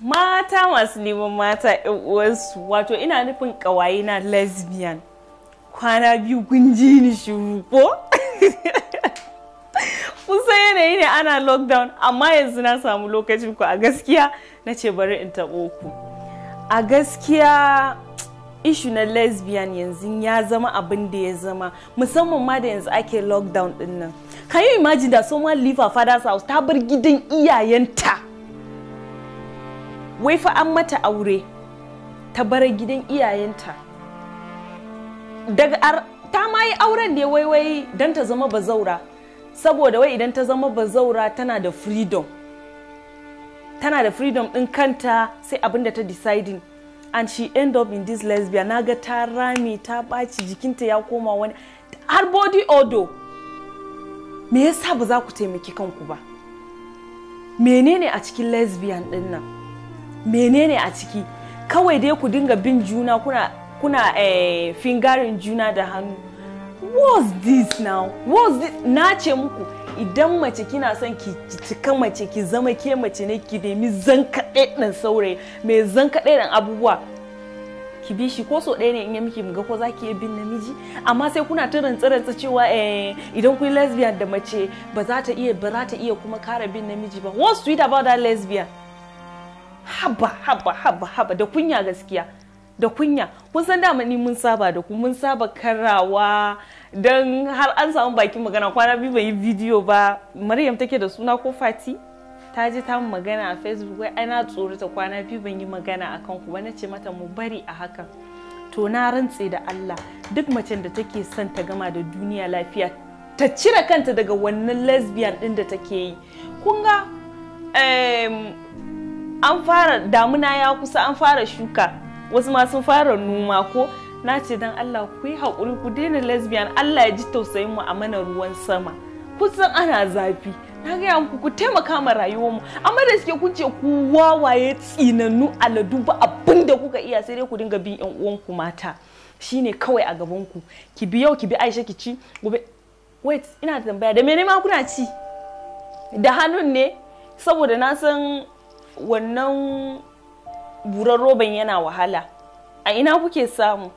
mata masu neman mata uwansu wato ina nufin kawaye na lesbian kwana biyu gunji ni shiru ko kusa yanayi ne ana lockdown amma yanzu na samu lokacin ku a gaskiya na ce bari in taɓo ku a gaskiya ishu na lesbian yanzu ya zama abin da ya zama musamman ma da yanzu ake lockdown din nan can da imagine that someone leave father's house ta bar gidan iyayenta wai fa an mata aure ta bar gidan iyayenta daga ta ma yi auren ne wai wai don ta zama bazaura saboda wai idan ta zama bazaura tana da freedom tana da freedom ɗin kanta sai abin da ta deciding and she end up in this lesbian naga ta rami ta baci jikinta ya koma wani har body odor me yasa ba za ku taimaki kanku ba menene a cikin lesbian din nan menene a ciki kawai dai ku dinga bin juna kuna kuna eh, fingarin juna da hannu what's this now what's this na ce muku idan mace kina son ki cika mace ki zama ke mace ne ki nemi zankaɗe ɗin saurayi mai zankaɗe ɗin abubuwa ki bi shi ko so ɗaya ne in ya miki ga ko za ki iya bin namiji amma sai kuna ta rantsa-rantsa cewa eh, idan kun lesbian da mace ba za ta iya ba za ta iya kuma kara bin namiji ba what's sweet about that lesbian haba haba haba haba da kunya gaskiya da kunya kun san dama ni mun saba da ku mun saba karawa don har an samu bakin magana kwana biyu bai yi bidiyo ba maryam take da suna ko fati ta ji ta magana a facebook wai ana tsorata kwana biyu ban yi magana a kan ku na ce mata mu bari a hakan to na rantse da allah duk macen da take son ta gama da duniya lafiya ta cire kanta daga wannan lesbian ɗin da take yi kun an fara damuna ya kusa an fara shuka wasu ma sun fara noma ko na ce dan Allah ku yi haƙuri ku daina lesbian Allah ya ji tausayin mu a mana ruwan sama kusan ana zafi na gaya muku ku taimaka ma rayuwar mu amma da suke kuce ku wawaye tsinannu aladu ba abin da kuka iya sai dai ku dinga bin yan uwanku mata shine kawai a gaban ku ki bi yau ki bi Aisha ki ci gobe wait ina tambaya da mene ma kuna ci da hannun ne saboda na san wannan buran roban yana wahala a ina kuke samu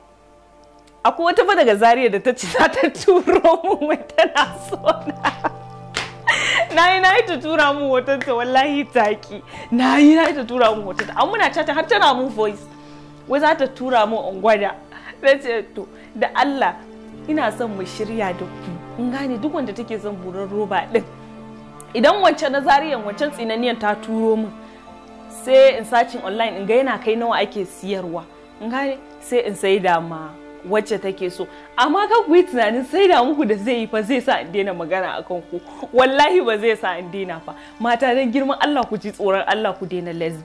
akwai wata fa daga zariya da ta ci za ta turo mu mai tana so na yi na yi ta tura mu hotonta wallahi taki na yi na yi ta tura mu hotonta an muna cata har tana mun voice wai za ta tura mu in gwada na ce to da Allah ina son mu shirya da ku in gane duk wanda take son buran roba din idan wancan na zariyan wancan tsinaniyan ta turo min sai in sacin online in ga yana kai nawa ake siyarwa in gane sai in sai da ma wacce take so amma kan ku yi tunanin sai da muku da zai yi fa zai sa in daina magana a kanku, ku wallahi ba zai sa in daina fa mata dan girman Allah ku ji tsoron Allah ku daina lesbi.